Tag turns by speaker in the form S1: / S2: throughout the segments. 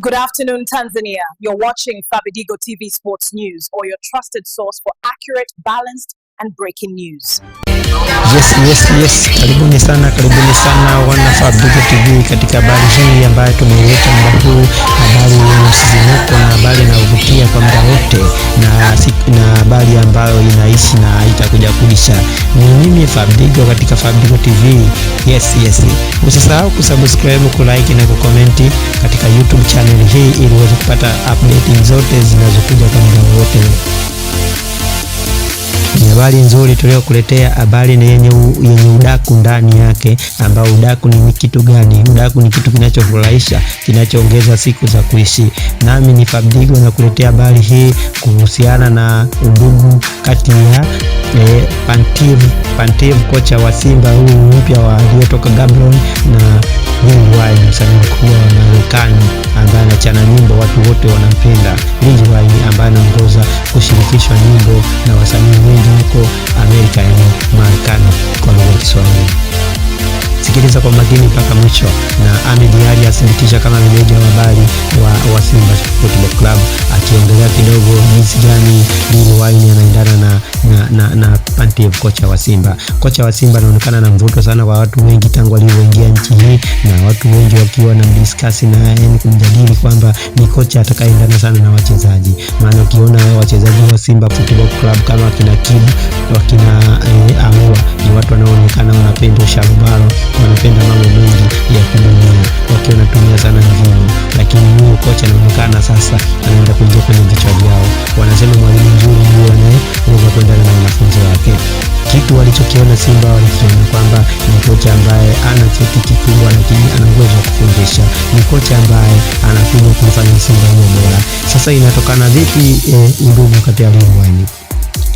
S1: Good afternoon, Tanzania. You're watching Fabidigo TV Sports News or your trusted source for accurate, balanced and breaking news.
S2: Yes, yes, yes. Karibuni sana, karibuni sana wana Fabidigo TV katika habari hii ambayo tumeileta muda huu, habari yenye msisimko na habari inayovutia kwa muda wote na habari ambayo inaishi na itakuja kuisha. Ni mimi fabdigo katika Fabidigo TV. Yes, yes. Usisahau kusubscribe, kulike na kukomenti katika YouTube channel hii ili uweze kupata update zote zinazokuja kwa habari nzuri tuliyokuletea, habari ni yenye, yenye udaku ndani yake, ambao udaku ni kitu gani? Udaku ni kitu kinachofurahisha kinachoongeza siku za kuishi. Nami ni Fabdigo nakuletea habari hii kuhusiana na undugu kati ya E, Pantev Pantev, kocha wa Simba huyu mpya wa aliyotoka Gabron na Lil msanii mkubwa na nyimbo watu wote wanampenda. Lil Wayne ambaye anaongoza kushirikishwa nyimbo na wasanii wengi huko Amerika, yaani Marekani kwa lugha ya Kiswahili. Sikiliza kwa makini mpaka mwisho. Na Ahmed Ally athibitisha kama meneja wa habari wa Simba Football Club tuangalia kidogo jinsi gani Lil Wayne anaendana na, na, na, na Pantev, kocha wa Simba. Kocha wa Simba anaonekana na mvuto sana kwa watu wengi tangu alivyoingia nchi hii, na watu wengi wakiwa na discuss na yani kumjadili kwamba ni kocha atakayeendana sana na wachezaji, maana ukiona wachezaji wa Simba Football Club kama wakina Kid wakina eh, Amua ni watu wanaoonekana wanapenda usharubaro sasa anaenda kuingia kwenye vichwa vyao. Wanasema mwalimu mzuri ndio anaweza kuendana na wanafunzi wake. Kitu walichokiona Simba walikiona kwamba ni kocha ambaye ana cheti kikubwa, lakini ana uwezo wa kufundisha. Ni kocha ambaye anakuja kumfanya Simba hiyo bora. Sasa inatokana vipi, eh, ndugu kati ya muungano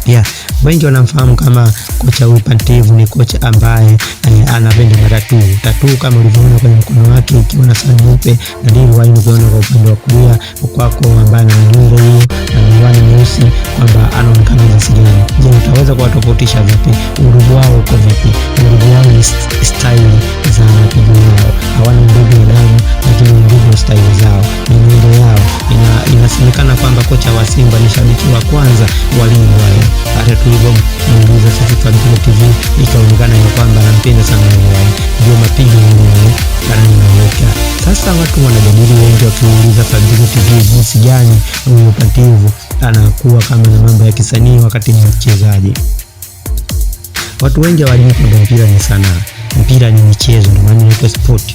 S2: pia wengi wanamfahamu kama kocha Wilfan Teve. Ni kocha ambaye eh, anapenda matatu tatu, kama ulivyoona kwenye mkono wake ikiwa na saa nyeupe na ndivyo wai unavyoona kwa upande wa kulia kwako, ambaye ana nywele hiyo na miwani nyeusi, kwamba anaonekana jinsi gani. Je, utaweza kuwatofautisha vipi? Urugu wao uko vipi? Urugu wao ni style za mapigo yao hawana ndugu ya damu, lakini nguvu style zao ni nywele sana kwamba kocha wa Simba ni shabiki wa kwanza wa Lingua. Hata tulivyomuuliza sisi Fanikio TV ikaonekana ya kwamba anampenda sana Lingua, ndio mapigo mengi anayoweka. Sasa watu wanajadili wengi wakiuliza Fanikio TV jinsi gani Pativu anakuwa kama na mambo ya kisanii wakati ni mchezaji. Watu wengi hawajui kwamba mpira ni sanaa, mpira ni michezo, ndio maana inaitwa sport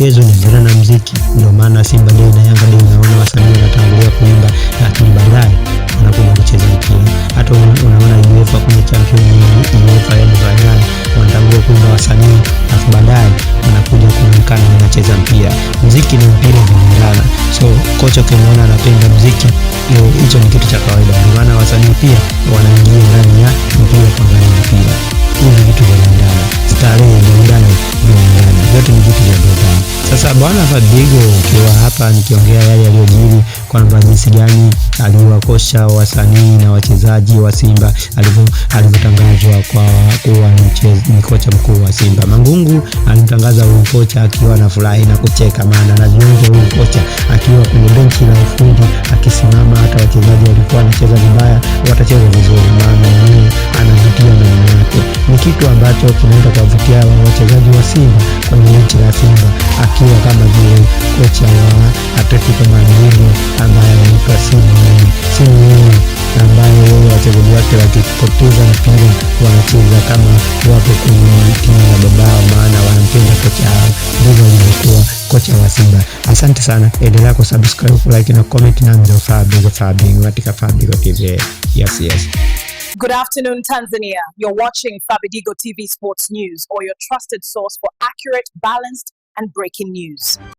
S2: michezo inaendana na mziki. Ndio maana Simba leo na Yanga leo unaona wasanii wanatangulia kuimba, lakini baadaye wanakuja kucheza mpira. Hata unaona UEFA kwenye Champions League, UEFA ya Bayern wanatangulia kuimba wasanii, alafu baadaye wanakuja kuonekana wanacheza mpira. Mziki ni mpira unaendana. So kocha kimeona anapenda mziki, hicho ni kitu cha kawaida. Ndio maana wasanii pia wanaingia ndani ya mpira. kwa Bwana Fadrigo ukiwa hapa nikiongea yale yaliyojiri kwamba jinsi gani aliwakosha wasanii na wachezaji wa Simba alivyotangazwa kwa kuwa ni kocha mkuu wa Simba. Mangungu alimtangaza huyu kocha akiwa furahi na kucheka, maana anazungumza huyu kocha akiwa kwenye benchi la ufundi akisimama, hata wachezaji walikuwa wanacheza vibaya, watacheza vizuri maana kitu ambacho kinaenda kuwavutia wachezaji wa Simba kwenye mechi ya Simba, akiwa kama vile kocha wa Atletico Madrid ambaye anaitwa Simeone. Simeone ambaye yeye wachezaji wake wakipoteza mpira wanacheza kama wapo kwenye timu ya babao, maana wanampenda kocha wao. Ndivyo alivyokuwa kocha wa Simba. Asante sana, endelea kusubscribe, like na comment, na mzo Fabigo Fabigo katika Fabigo TV. Yes, yes. Good afternoon, Tanzania. You're watching Fabidigo TV Sports News or your trusted source for accurate, balanced, and breaking news.